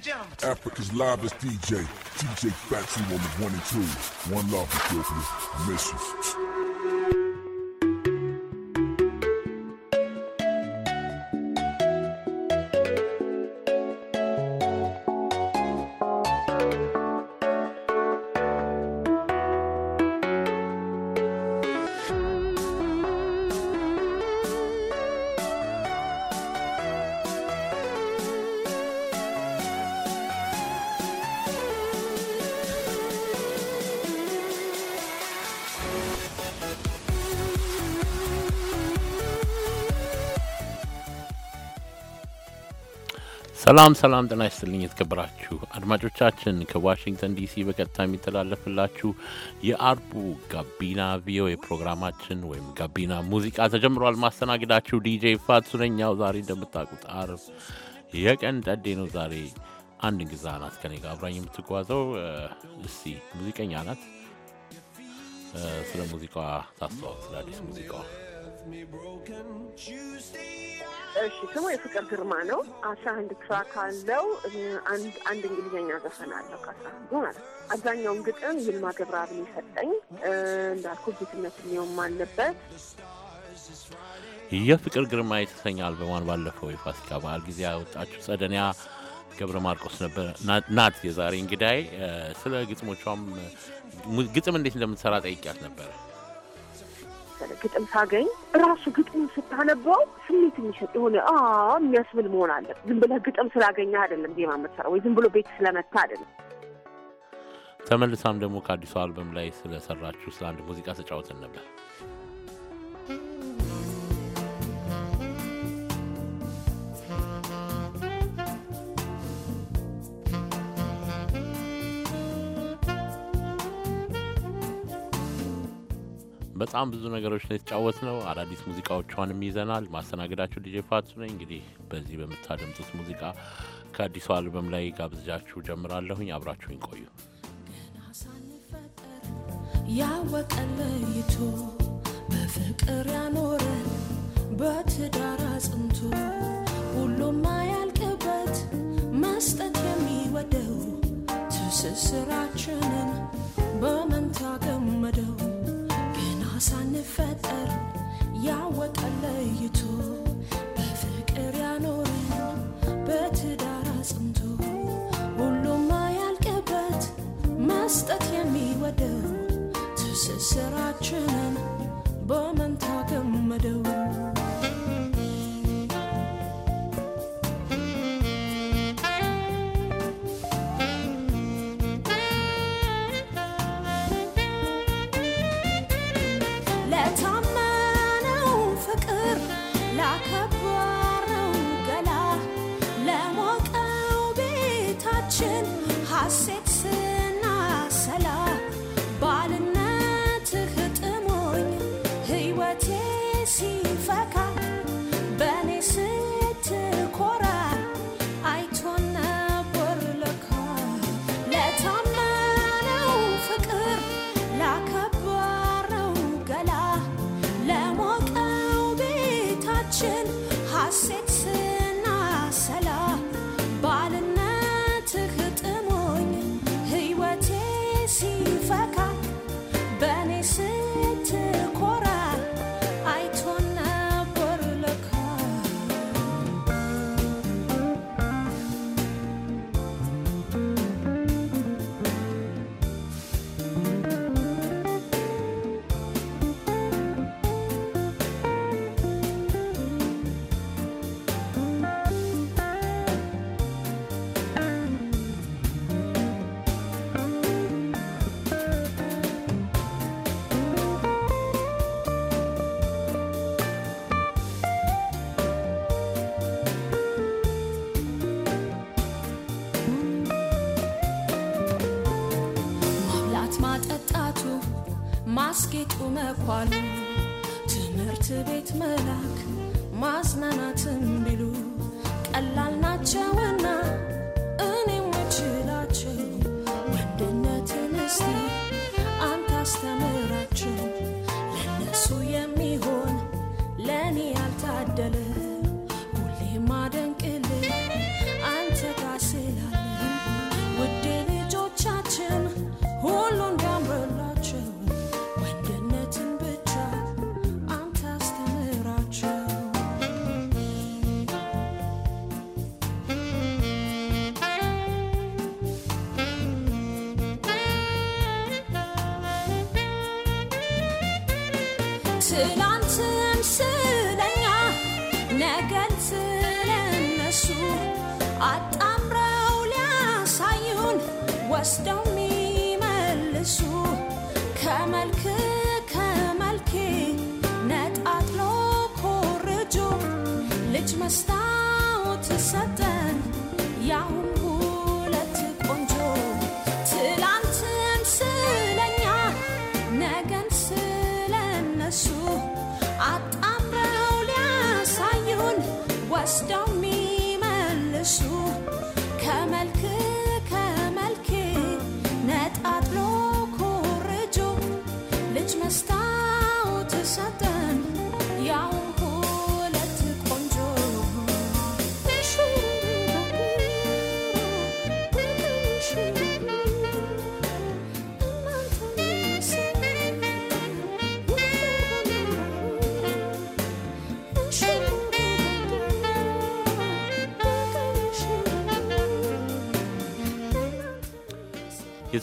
gentlemen. Africa's livest DJ, DJ Fatu on the one and two. One love, Ethiopia. I miss you. ሰላም ሰላም፣ ጤና ይስጥልኝ የተከበራችሁ አድማጮቻችን ከዋሽንግተን ዲሲ በቀጥታ የሚተላለፍላችሁ የአርቡ ጋቢና ቪኦኤ ፕሮግራማችን ወይም ጋቢና ሙዚቃ ተጀምሯል። ማስተናግዳችሁ ዲጄ ፋቱ ነኝ። ያው ዛሬ እንደምታውቁት አርብ የቀን ጠዴ ነው። ዛሬ አንድ እንግዛ ናት ከኔ ጋር አብራኝ የምትጓዘው እስቲ ሙዚቀኛ ናት። ስለ ሙዚቃዋ ታስተዋወቅ፣ ስለ አዲስ ሙዚቃዋ እሺ ስሙ የፍቅር ግርማ ነው። አስራ አንድ ትራክ አለው። አንድ እንግሊዝኛ ዘፈን አለው ከአስራ አንዱ ማለት ነው። አብዛኛውን ግጥም ይልማ ገብረአብ የሰጠኝ እንዳልኩ ጌትነት ሊሆም አለበት። የፍቅር ግርማ የተሰኘ አልበሟን ባለፈው የፋሲካ በዓል ጊዜ ያወጣችሁ ጸደኒያ ገብረ ማርቆስ ነበር ናት የዛሬ እንግዳይ። ስለ ግጥሞቿም ግጥም እንዴት እንደምትሰራ ጠይቂያት ነበረ። ግጥም ሳገኝ ራሱ ግጥም ስታነበው ስሜት የሚሰጥ የሆነ የሚያስብል መሆን አለ። ዝም ብለህ ግጥም ስላገኘ አይደለም ዜማ የምትሰራው ወይ ዝም ብሎ ቤት ስለመታ አይደለም። ተመልሳም ደግሞ ከአዲሱ አልበም ላይ ስለሰራችሁ ስለ አንድ ሙዚቃ ተጫወትን ነበር። በጣም ብዙ ነገሮች ነው አዳዲስ ሙዚቃዎቿንም ይዘናል። ማስተናገዳችሁ ዲጄ ፋቱ ነኝ። እንግዲህ በዚህ በምታደምጡት ሙዚቃ ከአዲሱ አልበም ላይ ጋብዛችሁ ጀምራለሁኝ። አብራችሁኝ ቆዩ። ገና ያወቀ ለይቶ በፍቅር ያኖረን በትዳር አጽንቶ ሁሉም ማያልቅበት መስጠት የሚወደው ትስስራችንን በመንታ ገመደው ስፈጠር ያወቀ ለይቶ በፍቅር ያኖረን በትዳር አጽንቶ ሁሉም ያልቅበት መስጠት የሚወደው ትስስራችንን በመንታ ገመደው için hasetse እንኳን ትምህርት ቤት መላክ Söyle ansın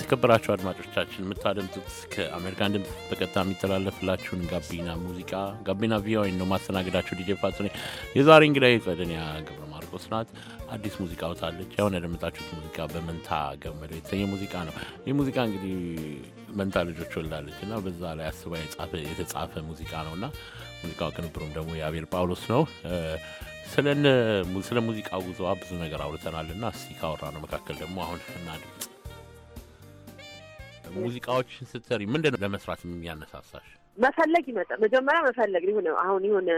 የተከበራችሁ አድማጮቻችን የምታደምጡት ከአሜሪካን ድምፅ በቀጥታ የሚተላለፍላችሁን ጋቢና ሙዚቃ ጋቢና ቪኦኤ ነው። ማስተናገዳችሁ ዲጄ ፋት የዛሬ እንግዳ ጸደኒያ ገብረ ማርቆስ ናት። አዲስ ሙዚቃ አውጥታለች። ያሁን ያደምጣችሁት ሙዚቃ በመንታ ገመደ የተሰኘ ሙዚቃ ነው። ይህ ሙዚቃ እንግዲህ መንታ ልጆች ወላለች እና በዛ ላይ አስባ የተጻፈ ሙዚቃ ነው እና ሙዚቃው ቅንብሩም ደግሞ የአቤል ጳውሎስ ነው። ስለ ሙዚቃ ጉዞዋ ብዙ ነገር አውርተናል እና እስቲ ነው መካከል ደግሞ አሁን እናድምጽ ሙዚቃዎችን ስትሰሪ ምንድን ነው ለመስራት የሚያነሳሳሽ? መፈለግ ይመጣል። መጀመሪያ መፈለግ የሆነ አሁን የሆነ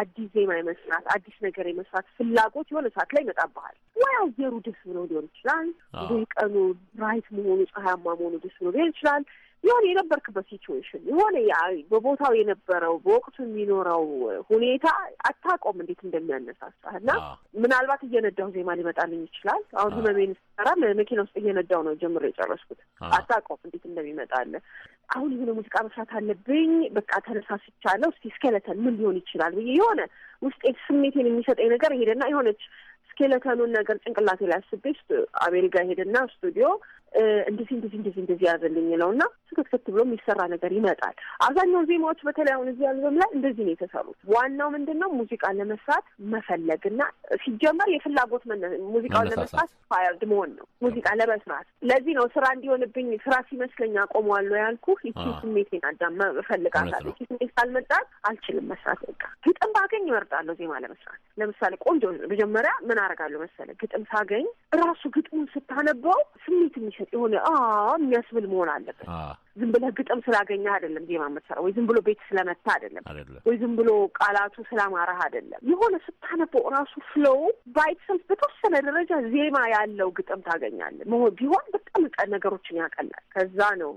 አዲስ ዜማ የመስራት አዲስ ነገር የመስራት ፍላጎት የሆነ ሰዓት ላይ ይመጣብሃል። ወይ አየሩ ደስ ብሎ ሊሆን ይችላል፣ ወይ ቀኑ ብራይት መሆኑ ፀሐያማ መሆኑ ደስ ብሎ ሊሆን ይችላል። የሆነ የነበርክበት ሲትዌሽን የሆነ በቦታው የነበረው በወቅቱ የሚኖረው ሁኔታ አታቆም እንዴት እንደሚያነሳሳህ እና ምናልባት እየነዳሁ ዜማ ሊመጣልኝ ይችላል። አሁን ህመሜን ስሰራ መኪና ውስጥ እየነዳሁ ነው ጀምሮ የጨረስኩት። አታቆም እንዴት እንደሚመጣለ አሁን የሆነ ሙዚቃ መስራት አለብኝ፣ በቃ ተነሳስቻለሁ። እስኪ ስኬለተን ምን ሊሆን ይችላል ብዬ የሆነ ውስጤት ስሜቴን የሚሰጠኝ ነገር ሄደና የሆነች ስኬለተኑን ነገር ጭንቅላቴ ላይ አስቤ አሜሪካ ሄደና ስቱዲዮ እንደዚህ እንደዚህ እንደዚህ እንደዚህ ያዘልኝ ነው እና ስክትክት ብሎ የሚሰራ ነገር ይመጣል። አብዛኛው ዜማዎች በተለይ አሁን እዚህ አልበም ላይ እንደዚህ ነው የተሰሩት። ዋናው ምንድን ነው ሙዚቃ ለመስራት መፈለግ እና ሲጀመር የፍላጎት ሙዚቃውን ለመስራት ፋየርድ መሆን ነው ሙዚቃ ለመስራት። ለዚህ ነው ስራ እንዲሆንብኝ ስራ ሲመስለኝ አቆመዋለሁ ያልኩ። ይቺ ስሜቴን አዳም እፈልጋታለሁ። ይቺ ስሜት ካልመጣት አልችልም መስራት። በቃ ግጥም ባገኝ እመርጣለሁ ዜማ ለመስራት። ለምሳሌ ቆንጆ መጀመሪያ ምን አደርጋለሁ መሰለ ግጥም ሳገኝ ራሱ ግጥሙን ስታነበው ስሜት የሚሰ የሆነ የሚያስብል መሆን አለበት። ዝም ብለህ ግጥም ስላገኘህ አይደለም ዜማ የምትሰራው፣ ወይ ዝም ብሎ ቤት ስለመታ አይደለም፣ ወይ ዝም ብሎ ቃላቱ ስላማረህ አይደለም። የሆነ ስታነበው ራሱ ፍሎው ባይትሰልፍ በተወሰነ ደረጃ ዜማ ያለው ግጥም ታገኛለህ። መሆን ቢሆን በጣም ነገሮችን ያቀላል። ከዛ ነው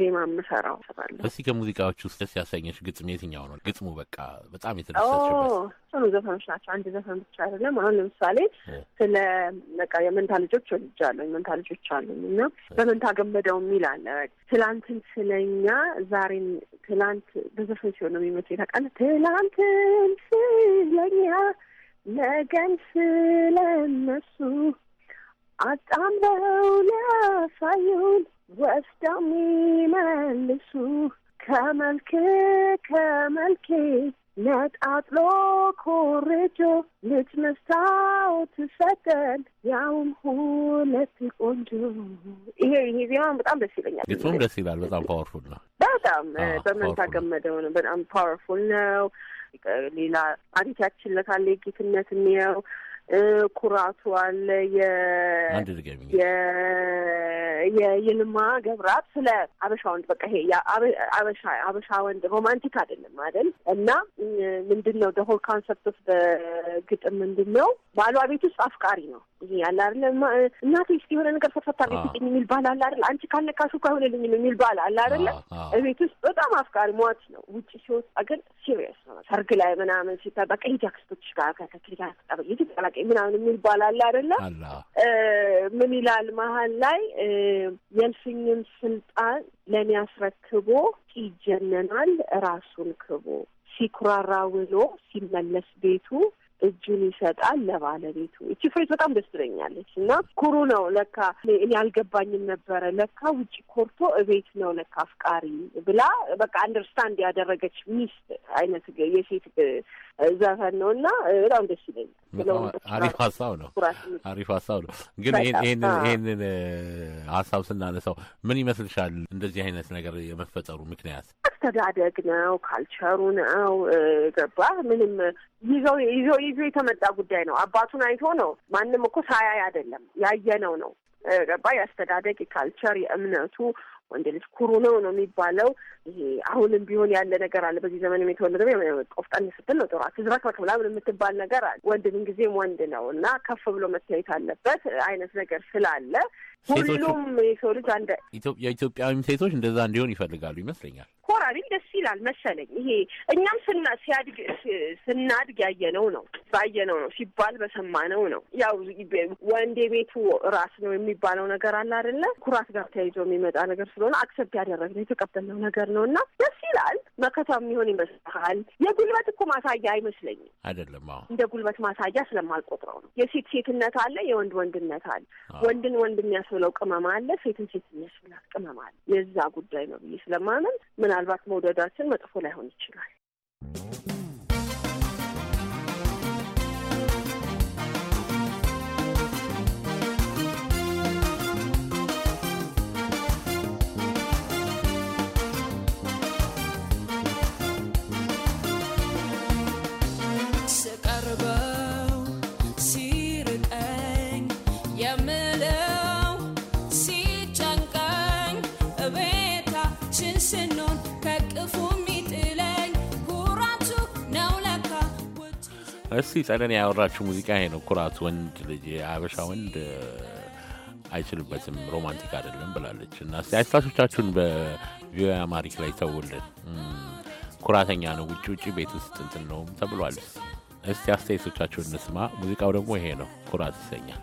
ዜማ የምሰራው ስራለሁ። እስቲ ከሙዚቃዎች ውስጥ ደስ ያሰኘሽ ግጥም የትኛው ነው? ግጥሙ በቃ በጣም የተደሰችበት ጽኑ ዘፈኖች ናቸው። አንድ ዘፈን ብቻ አይደለም። አሁን ለምሳሌ ስለ በቃ የመንታ ልጆች ወልጃለሁ። የመንታ ልጆች አሉኝ እና በመንታ ገመደው የሚል አለ ትላንትን ስለኛ ዛሬን ትላንት በዘፈን ሲሆን ነው የሚመስለኝ ታውቃለህ። ትላንትን ስለኛ ነገን ስለነሱ አጣምረው ሊያሳዩን ወስደው የሚመልሱ ከመልክ ከመልኬ ነጣጥሎ ኮሬጆ ልትነሳው ትፈቀድ ያውም ሁለት ቆንጆ። ይሄ ይሄ ዜማን በጣም ደስ ይለኛል። ግጥሙም ደስ ይላል። በጣም ፓወርፉል ነው። በጣም በመንታ ገመደው ነው። በጣም ፓወርፉል ነው። ሌላ አሪፍ ያችለታል። ጌትነት የሚየው ኩራቱ አለ የይልማ ገብራት ስለ አበሻ ወንድ በቃ ይሄ አበሻ አበሻ ወንድ ሮማንቲክ አይደለም አይደል? እና ምንድን ነው ደሆል ካንሰፕት ውስጥ ግጥም ምንድን ነው ባሏ ቤት ውስጥ አፍቃሪ ነው ይሄ አለ አይደለም እናቴ እስኪ የሆነ ነገር ፈፈታ ቤት የሚል ባል አለ አይደል? አንቺ ካልነካሹ እኮ አይሆንልኝም የሚል ባል አለ አይደለ? እቤት ውስጥ በጣም አፍቃሪ ሟች ነው። ውጭ ሲወጣ ግን ሲሪየስ ነው። ሰርግ ላይ ምናምን ሲታይ በቃ ሂጂ አክስቶችሽ ጋር ከክዳ ሂጂ ተቀላቀይ ምናምን የሚል ባል አለ አይደለ? ምን ይላል መሀል ላይ የልፍኝም ስልጣን ለእኔ አስረክቦ ይጀነናል ራሱን ክቦ ሲኩራራ ውሎ ሲመለስ ቤቱ እጁን ይሰጣል ለባለቤቱ። እቺ ፍሬት በጣም ደስ ትለኛለች እና ኩሩ ነው ለካ። እኔ አልገባኝም ነበረ ለካ ውጭ ኮርቶ እቤት ነው ለካ አፍቃሪ ብላ በቃ አንደርስታንድ ያደረገች ሚስት አይነት የሴት ዘፈን ነው እና በጣም ደስ ይለኛል። አሪፍ ሀሳብ ነው። አሪፍ ሀሳብ ነው። ግን ይህንን ሀሳብ ስናነሳው ምን ይመስልሻል እንደዚህ አይነት ነገር የመፈጠሩ ምክንያት? አስተዳደግ ነው፣ ካልቸሩ ነው። ገባ ምንም ይዘው ይዘው ይዞ የተመጣ ጉዳይ ነው። አባቱን አይቶ ነው። ማንም እኮ ሳያይ አይደለም፣ ያየነው ነው። ገባ የአስተዳደግ የካልቸር የእምነቱ ወንድ ልጅ ኩሩ ነው ነው የሚባለው። ይሄ አሁንም ቢሆን ያለ ነገር አለ። በዚህ ዘመን የተወለደ ቆፍጠን ስትል ነው ጥሩ አትዝረክረክ ምናምን የምትባል ነገር አለ። ወንድ ምንጊዜም ወንድ ነው እና ከፍ ብሎ መታየት አለበት አይነት ነገር ስላለ ሁሉም የሰው ልጅ አንድ የኢትዮጵያዊም ሴቶች እንደዛ እንዲሆን ይፈልጋሉ ይመስለኛል። ኮራ ደስ ይላል መሰለኝ። ይሄ እኛም ስና ሲያድግ ስናድግ ያየነው ነው ባየነው ነው ሲባል በሰማነው ነው። ያው ወንድ የቤቱ ራስ ነው የሚባለው ነገር አለ አይደለ? ኩራት ጋር ተያይዞ የሚመጣ ነገር ስለሆነ አክሰብት ያደረግነው የተቀበልነው ነገር ነው እና ደስ ይላል። መከታ የሚሆን ይመስልሃል? የጉልበት እኮ ማሳያ አይመስለኝም። አይደለም? አዎ እንደ ጉልበት ማሳያ ስለማልቆጥረው ነው። የሴት ሴትነት አለ፣ የወንድ ወንድነት አለ። ወንድን ወንድ የሚያስ የምትውለው ቅመም አለ፣ ሴትን ሴት የሚያስብላት ቅመም አለ። የዛ ጉዳይ ነው ብዬ ስለማመን ምናልባት መውደዳችን መጥፎ ላይሆን ይችላል። እስቲ ጸደን ያወራችው ሙዚቃ ይሄ ነው ኩራት። ወንድ ልጅ የአበሻ ወንድ አይችልበትም፣ ሮማንቲክ አይደለም ብላለች። እና እስቲ አስተያየቶቻችሁን በቪኦኤ አማሪክ ላይ ተውልን። ኩራተኛ ነው፣ ውጭ ውጭ ቤት ውስጥ እንትን ነውም ተብሏል። እስቲ አስተያየቶቻችሁን እንስማ። ሙዚቃው ደግሞ ይሄ ነው ኩራት ይሰኛል።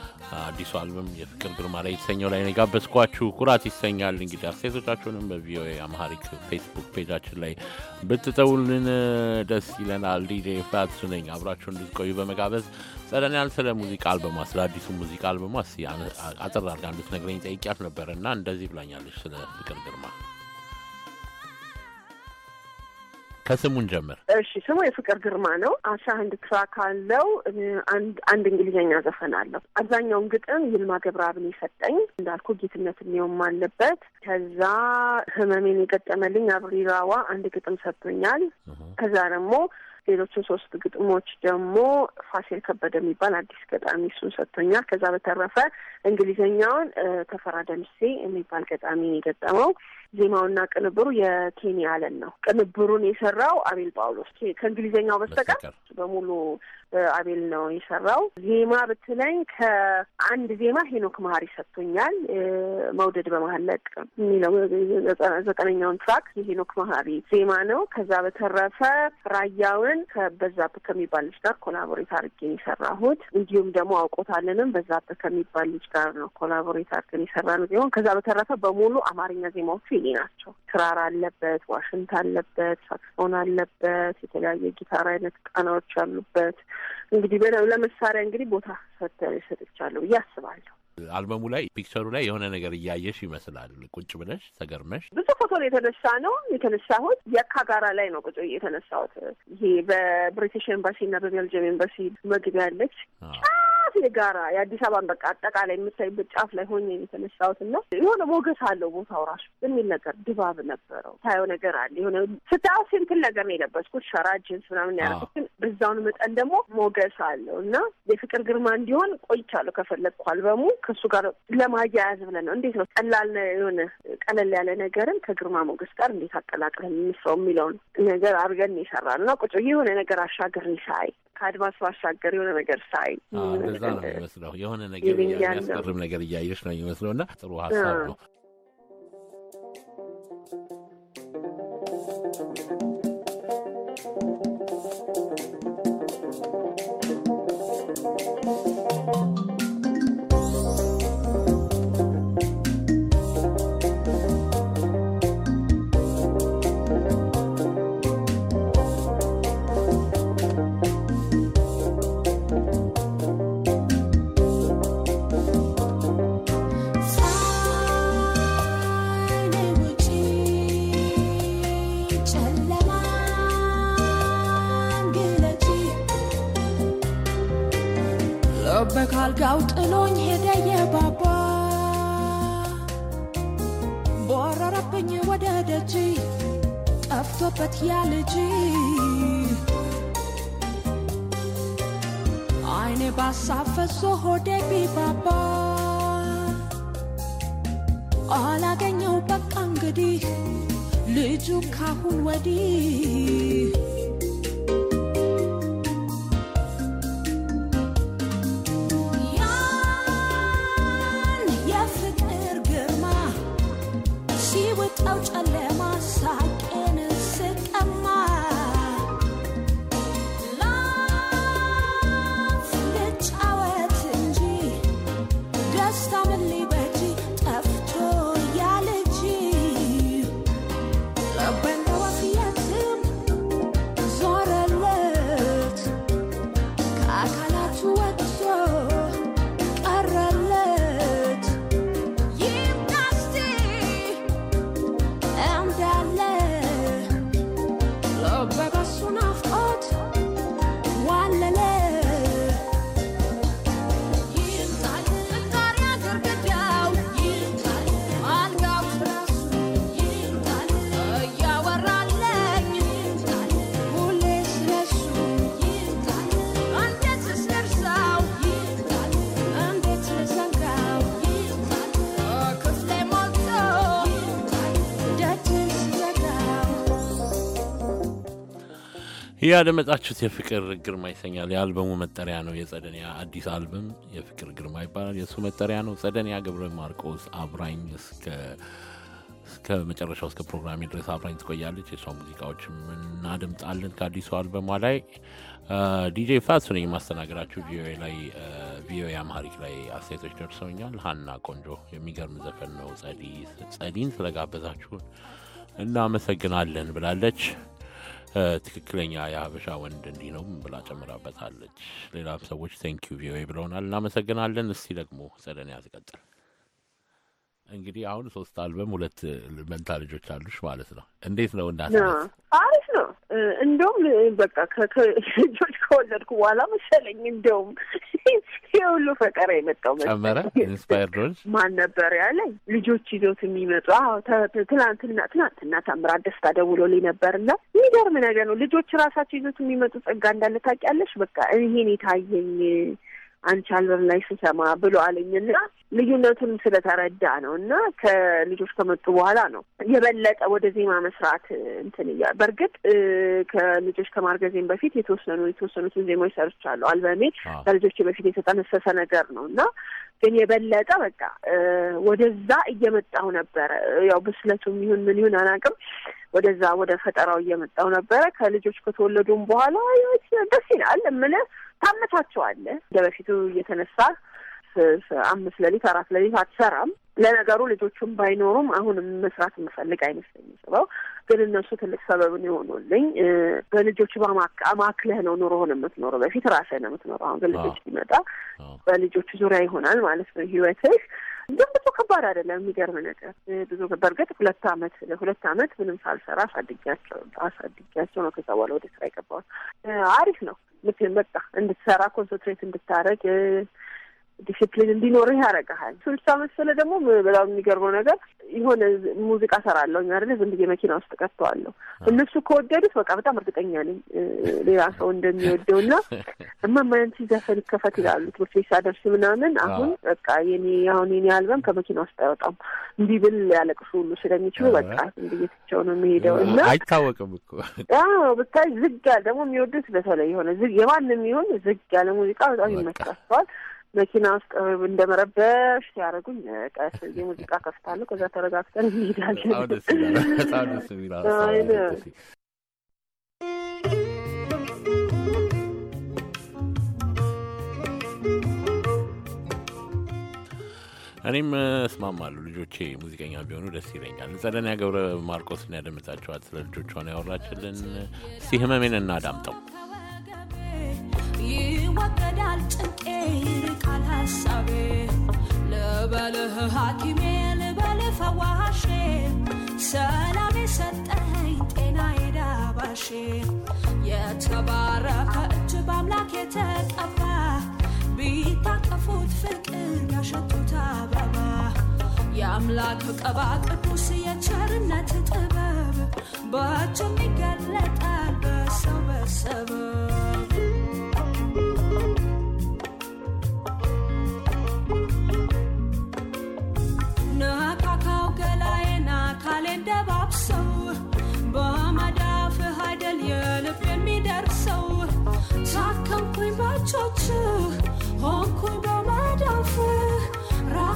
አዲሱ አልበም የፍቅር ግርማ ላይ የተሰኘው ላይ ነው የጋበዝኳችሁ። ኩራት ይሰኛል። እንግዲህ አስተያየቶቻችሁንም በቪኦኤ አማሪክ ፌስቡክ ፔጃችን ላይ ብትተውልን ደስ ይለናል። ዲጄ ፋትሱ ነኝ። አብራችሁ እንድትቆዩ በመጋበዝ ጸደንያል ስለ ሙዚቃ አልበሟ ስለ አዲሱ ሙዚቃ አልበሟ አጠር አድርጋ እንድትነግረኝ ጠይቂያት ነበረ እና እንደዚህ ብላኛለች ስለ ፍቅር ግርማ ከስሙን ጀምር። እሺ ስሙ የፍቅር ግርማ ነው። አስራ አንድ ትራክ አለው። አንድ እንግሊዝኛ ዘፈን አለው። አብዛኛውን ግጥም ይልማ ገብረአብን የሰጠኝ እንዳልኩ ጌትነት እኒውም አለበት። ከዛ ህመሜን የገጠመልኝ አብሪራዋ አንድ ግጥም ሰጥቶኛል። ከዛ ደግሞ ሌሎችን ሶስት ግጥሞች ደግሞ ፋሲል ከበደ የሚባል አዲስ ገጣሚ እሱን ሰጥቶኛል። ከዛ በተረፈ እንግሊዝኛውን ተፈራ ደምሴ የሚባል ገጣሚ የገጠመው ዜማውና ቅንብሩ የኬኒ አለን ነው። ቅንብሩን የሰራው አቤል ጳውሎስ ከእንግሊዝኛው በስተቀር በሙሉ አቤል ነው የሰራው። ዜማ ብትለኝ ከአንድ ዜማ ሄኖክ መሀሪ ሰጥቶኛል። መውደድ በመሀለቅ የሚለው ዘጠነኛውን ትራክ የሄኖክ መሀሪ ዜማ ነው። ከዛ በተረፈ ራያውን ከበዛብህ ከሚባል ልጅ ጋር ኮላቦሬት አድርጌን የሰራሁት እንዲሁም ደግሞ አውቆታለንም በዛብህ ከሚባል ልጅ ጋር ነው ኮላቦሬት አድርገን የሰራ ነው ዜማውን። ከዛ በተረፈ በሙሉ አማርኛ ዜማዎቹ ቴሊ ናቸው። ክራር አለበት፣ ዋሽንት አለበት፣ ሳክስፎን አለበት፣ የተለያዩ ጊታር አይነት ቃናዎች አሉበት። እንግዲህ ለመሳሪያ እንግዲህ ቦታ ሰጥ ሰጥቻለሁ ብዬ አስባለሁ። አልበሙ ላይ ፒክቸሩ ላይ የሆነ ነገር እያየሽ ይመስላል። ቁጭ ብለሽ ተገርመሽ ብዙ ፎቶ ነው የተነሳ ነው የተነሳሁት። የካ ጋራ ላይ ነው ቁጭ የተነሳሁት። ይሄ በብሪቲሽ ኤምባሲ እና በቤልጅየም ኤምባሲ መግቢያ ያለች በብዛት የጋራ የአዲስ አበባን በቃ አጠቃላይ የምታይበት ጫፍ ላይ ሆኜ የተነሳሁት እና የሆነ ሞገስ አለው ቦታው ራሱ የሚል ነገር ድባብ ነበረው። ታየው ነገር አለ የሆነ ስታየው ሲምፕል ነገር ነው የለበስኩት ሸራ ጅንስ ምናምን ያደረኩት፣ ግን በዛውን መጠን ደግሞ ሞገስ አለው እና የፍቅር ግርማ እንዲሆን ቆይቻለሁ። ከፈለግኩ አልበሙ ከእሱ ጋር ለማያያዝ ብለን ነው እንዴት ነው ቀላል የሆነ ቀለል ያለ ነገርን ከግርማ ሞገስ ጋር እንዴት አቀላቅለን የምንስራው የሚለውን ነገር አድርገን የሰራ ነው እና ቁጭ የሆነ ነገር አሻገር ሳይ ከአድማስ ባሻገር የሆነ ነገር ሳይ እንደዛ ነው የሚመስለው። የሆነ ነገር የሚያስገርም ነገር እያየሽ ነው የሚመስለው እና ጥሩ ሀሳብ ነው። አላገኘው በቃ እንግዲህ ልጁ ካሁን ወዲህ ያን የፍቅር ግርማ ሲወጣው ጨለማ ያደመጣችሁት የፍቅር ግርማ ይሰኛል። የአልበሙ መጠሪያ ነው። የጸደንያ አዲስ አልበም የፍቅር ግርማ ይባላል። የእሱ መጠሪያ ነው። ጸደንያ ገብረ ማርቆስ አብራኝ እስከ መጨረሻው እስከ ፕሮግራሜ ድረስ አብራኝ ትቆያለች። የሷ ሙዚቃዎች እናደምጣለን ከአዲሱ አልበሟ ላይ። ዲጄ ፋሱ ነኝ የማስተናገዳችሁ። ቪኦኤ ላይ ቪኦኤ አማሪክ ላይ አስተያየቶች ደርሰውኛል። ሀና ቆንጆ የሚገርም ዘፈን ነው። ጸዲን ስለጋበዛችሁን እናመሰግናለን ብላለች። ትክክለኛ የሀበሻ ወንድ እንዲህ ነው ብላ ጨምራበታለች። ሌላም ሰዎች ቴንኪዩ ቪኦኤ ብለውናል፣ እናመሰግናለን። እስቲ ደግሞ ጸደን ያስቀጥል እንግዲህ አሁን ሶስት አልበም ሁለት መንታ ልጆች አሉሽ ማለት ነው። እንዴት ነው? እናት? አሪፍ ነው። እንደውም በቃ ከልጆች ከወለድኩ በኋላ መሰለኝ እንደውም የሁሉ ፈቀራ የመጣው ጨመረ። ኢንስፓየርድ ሆንሽ? ማን ነበር ያለኝ ልጆች ይዞት የሚመጡ? አዎ ትናንትና ትናንትና ታምራት ደስታ ደውሎ ላይ ነበር እና የሚገርም ነገር ነው። ልጆች ራሳቸው ይዞት የሚመጡ ጸጋ እንዳለ ታውቂያለሽ። በቃ ይሄን የታየኝ አንቺ አልበር ላይ ስሰማ ብሎ አለኝና ልዩነቱን ስለተረዳ ነው እና ከልጆች ከመጡ በኋላ ነው የበለጠ ወደ ዜማ መስራት እንትን እያ በእርግጥ ከልጆች ከማርገዜም በፊት የተወሰኑ የተወሰኑትን ዜማዎች ሰርቻለሁ። አልበሜ ከልጆች በፊት የተጠነሰሰ ነገር ነው እና ግን የበለጠ በቃ ወደዛ እየመጣሁ ነበረ። ያው ብስለቱም ይሁን ምን ይሁን አናውቅም ወደዛ ወደ ፈጠራው እየመጣው ነበረ። ከልጆች ከተወለዱም በኋላ ደስ ይላል። ምን ታመቻቸዋለህ? እንደ በፊቱ እየተነሳ አምስት ሌሊት አራት ሌሊት አትሰራም። ለነገሩ ልጆቹም ባይኖሩም አሁንም መስራት የምፈልግ አይመስለኝም። ስበው ግን እነሱ ትልቅ ሰበብን የሆኑልኝ። በልጆቹ ማክለህ ነው ኑሮህን የምትኖረው። በፊት ነው የምትኖረው አሁን ግን ልጆች ሲመጣ በልጆቹ ዙሪያ ይሆናል ማለት ነው ህይወትህ። ግን ብዙ ከባድ አይደለም። የሚገርም ነገር ብዙ በእርግጥ ሁለት አመት ሁለት አመት ምንም ሳልሰራ አሳድጊያቸው አሳድጊያቸው ነው። ከዛ በኋላ ወደ ስራ የገባሁት አሪፍ ነው። ምክንያት በቃ እንድትሰራ ኮንሰንትሬት እንድታደረግ ዲሲፕሊን እንዲኖርህ ያረቀሃል። ስልሳ መሰለ ደግሞ በጣም የሚገርመው ነገር የሆነ ሙዚቃ ሰራለሁ አይደለ፣ ዝም ብዬ መኪና ውስጥ ቀጥተዋለሁ። እነሱ ከወደዱት በቃ በጣም እርግጠኛ ነኝ ሌላ ሰው እንደሚወደው እና እማማያንቺ ዘፈን ከፈት ይላሉ ትምህርት ቤት ሳደርስ ምናምን። አሁን በቃ የኔ አሁን የኔ አልበም ከመኪና ውስጥ አይወጣም እንዲህ ብል ያለቅሱ ሁሉ ስለሚችሉ በቃ ብዬትቸው ነው የሚሄደው እና አይታወቅም እኮ አዎ፣ ብታይ ዝግ ያለ ደግሞ የሚወዱት በተለይ የሆነ የማንም ይሁን ዝግ ያለ ሙዚቃ በጣም ይመስላቸዋል። መኪና ውስጥ እንደ መረበሽ ሲያደርጉኝ ቀስ የሙዚቃ ከፍታለሁ። ከዛ ተረጋግተን እንሄዳለን። እኔም እስማማለሁ። ልጆቼ ሙዚቀኛ ቢሆኑ ደስ ይለኛል። ጸደንያ ገብረ ማርቆስ ያደምጣቸዋል። ስለ ልጆቿን ያወራችልን። ሲህመሜን እናዳምጠው። ይወገዳል ጭንቄ ይርቃል ሀሳቤ ልበልህ ሐኪሜ ልበልህ ፈዋሼ ሰላሜ ሰጠኸኝ ጤና የዳባሼ የተባረከ እጅ በአምላክ የተቀባ ቢታቀፉት ፍቅር ያሸቱት አበባ የአምላክ ቀባ ቅዱስ የቸርነት ጥበብ በእጁም ይገለጣል በሰው በሰበብ chochu, hong kui ba ma dong fu, ra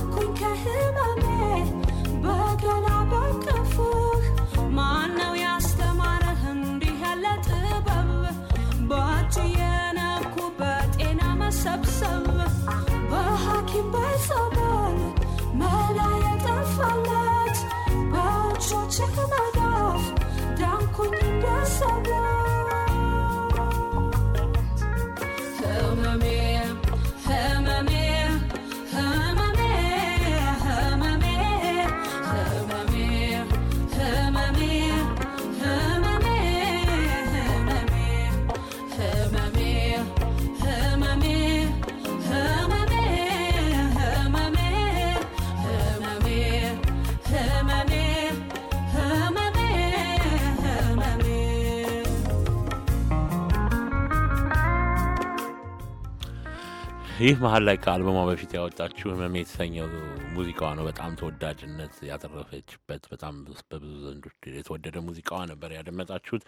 ይህ መሀል ላይ ከአልበሟ በፊት ያወጣችው ህመሜ የተሰኘው ሙዚቃዋ ነው። በጣም ተወዳጅነት ያተረፈችበት በጣም በብዙ ዘንዶች የተወደደ ሙዚቃዋ ነበር ያደመጣችሁት።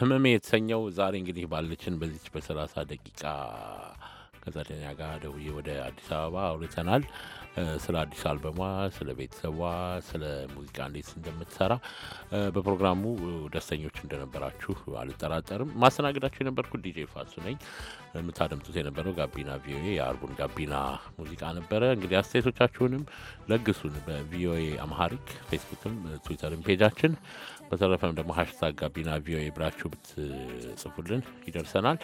ህመሜ የተሰኘው ዛሬ እንግዲህ ባለችን በዚች በሰላሳ ደቂቃ ከጸደኛ ጋር ደውዬ ወደ አዲስ አበባ አውርተናል። ስለ አዲስ አልበሟ፣ ስለ ቤተሰቧ፣ ስለ ሙዚቃ እንዴት እንደምትሰራ በፕሮግራሙ ደስተኞች እንደነበራችሁ አልጠራጠርም። ማስተናገዳችሁ የነበርኩ ዲጄ ፋሱ ነኝ። የምታደምጡት የነበረው ጋቢና ቪኦኤ የአርቡን ጋቢና ሙዚቃ ነበረ። እንግዲህ አስተያየቶቻችሁንም ለግሱን በቪኦኤ አምሃሪክ ፌስቡክም ትዊተርም ፔጃችን። በተረፈም ደግሞ ሀሽታግ ጋቢና ቪኦኤ ብላችሁ ብትጽፉልን ይደርሰናል።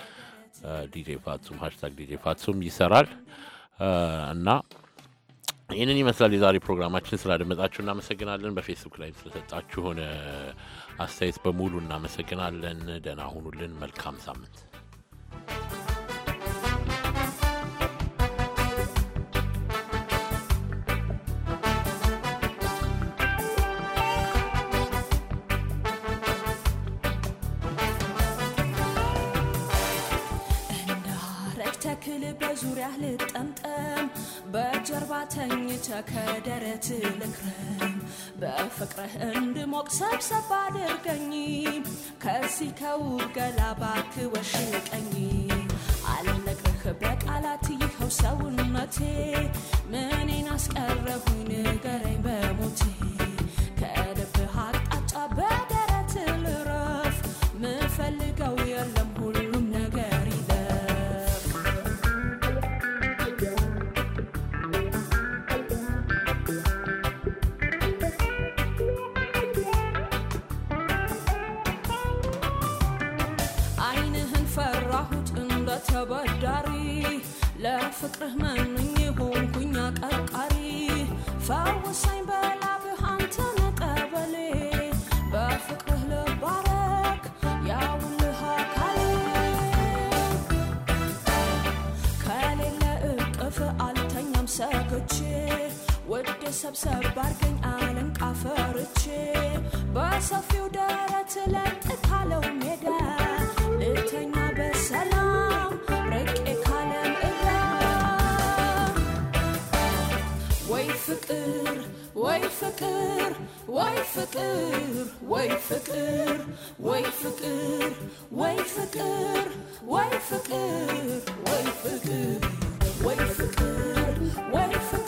ዲጄ ፋትሱም ሀሽታግ ዲጄ ፋትሱም ይሰራል እና ይህንን ይመስላል የዛሬ ፕሮግራማችን። ስላደመጣችሁ እናመሰግናለን። በፌስቡክ ላይ ስለሰጣችሁን አስተያየት በሙሉ እናመሰግናለን። ደህና ሁኑልን። መልካም ሳምንት በፍቅርህ እንድሞቅ ሰብሰብ አድርገኝ ከዚህ ከውብ ገላ ባክ ወሽቀኝ አልነግርህ በቃላት ይኸው ሰውነቴ ምኔን አስቀረሁኝ ንገረኝ በሞቴ ሰምሰኮቼ ወደ ሰብሰብ ባርገኝ አለንቃ ፈርቼ በሰፊው ደረት ላይ ጥካለው ሜዳ ልተኛ በሰላም ርቄ ካለም እዳ ወይ ፍቅር ወይ ፍቅር ወይ ፍቅር ወይ ፍቅር ወይ ፍቅር ወይ ፍቅር ወይ ፍቅር ወይ ፍቅር ወይ ፍቅር wait for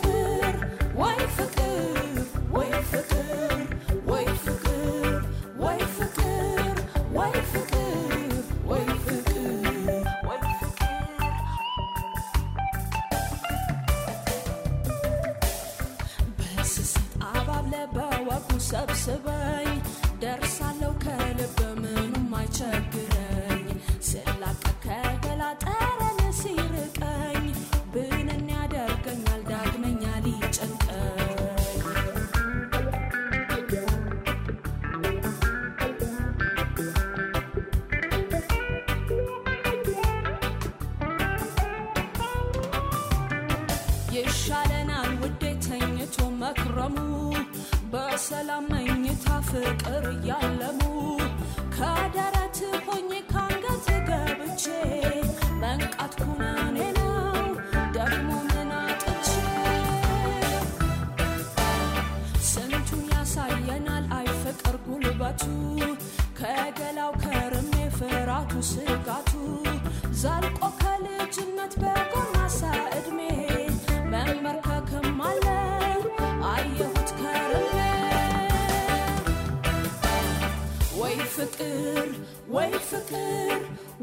ፍቅር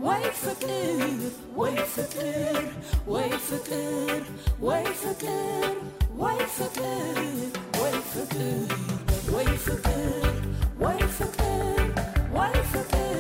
ወይ ፍቅር ወይ ፍቅር ወይ ፍቅር ወይ ፍቅር ወይ ፍቅር ወይ ፍቅር ወይ ፍቅር ወይ ፍቅር ወይ ፍቅር ወይ ፍቅር